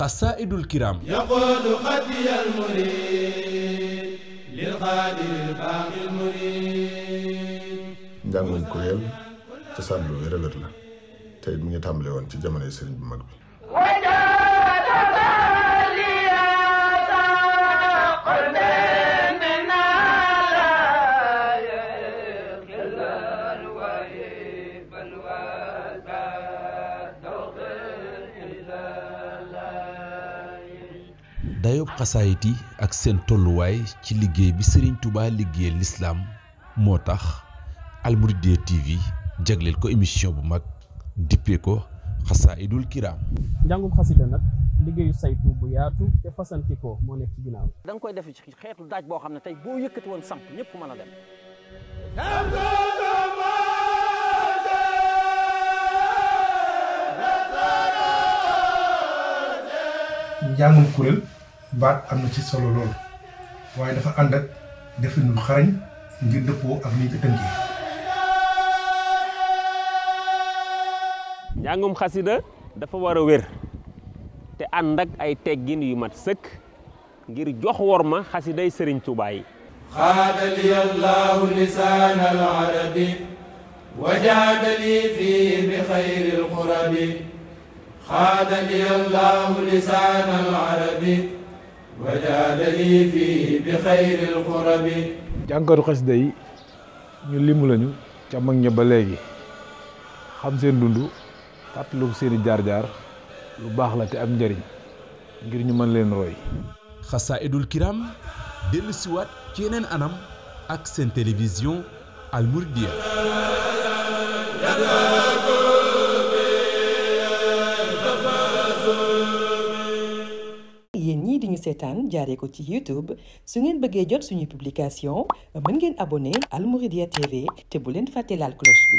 qasaidul kiram yaqulu xadiyal murid lil xaadiril baaxil murid njàngum kuréel cosaan lu wér a wér la te mi ngi tàmbale woon ci jamonoy sëriñ bu mag bi dayob xasaayit ak seen tolluwaay ci liggéey bi sëriñ tubaa liggéeyal lislaam moo tax Almouridiyyah TV jagleel ko émission bu mag dippee ko xasaayidul kiraam njàngum xasida nag liggéeyu saytu bu yaatu te fasanti moo nekk ci ginnaaw danga koy def ci xeetu daaj boo xam ne tey boo yëkkati woon samp ñëpp mën a dem njàngum kuréel baat am na ci solo lool waaye dafa ànd ak definu xarañ ngir dëppoo ak ni ñu ko tënkee. njàngum xasida dafa war a wér te ànd ak ay teggin yu mat sëkk ngir jox wor ma xasiday sëriñ Tuubaa yi. xaadali allahu lisaan al arabi wajaadali fii bi xayril xurabi xaadali allahu lisaan al arabi wajaadani fii bi xayril xurabi jànkatu xasida yi ñu limu lañu ca mag ña ba léegi xam seen dund fàttaliku seeni jaar-jaar lu baax la te am njëriñ ngir ñu mën leen roy xasaidul kiram dellu siwaat ci yeneen anam ak seen télévision Al Mouridiyyah di ñu seetaan jaaree ko ci YouTube su ngeen bëggee jot suñu publication mën ngeen abonné Al Mouridiyyah TV te bu leen fàtte laal cloche bi.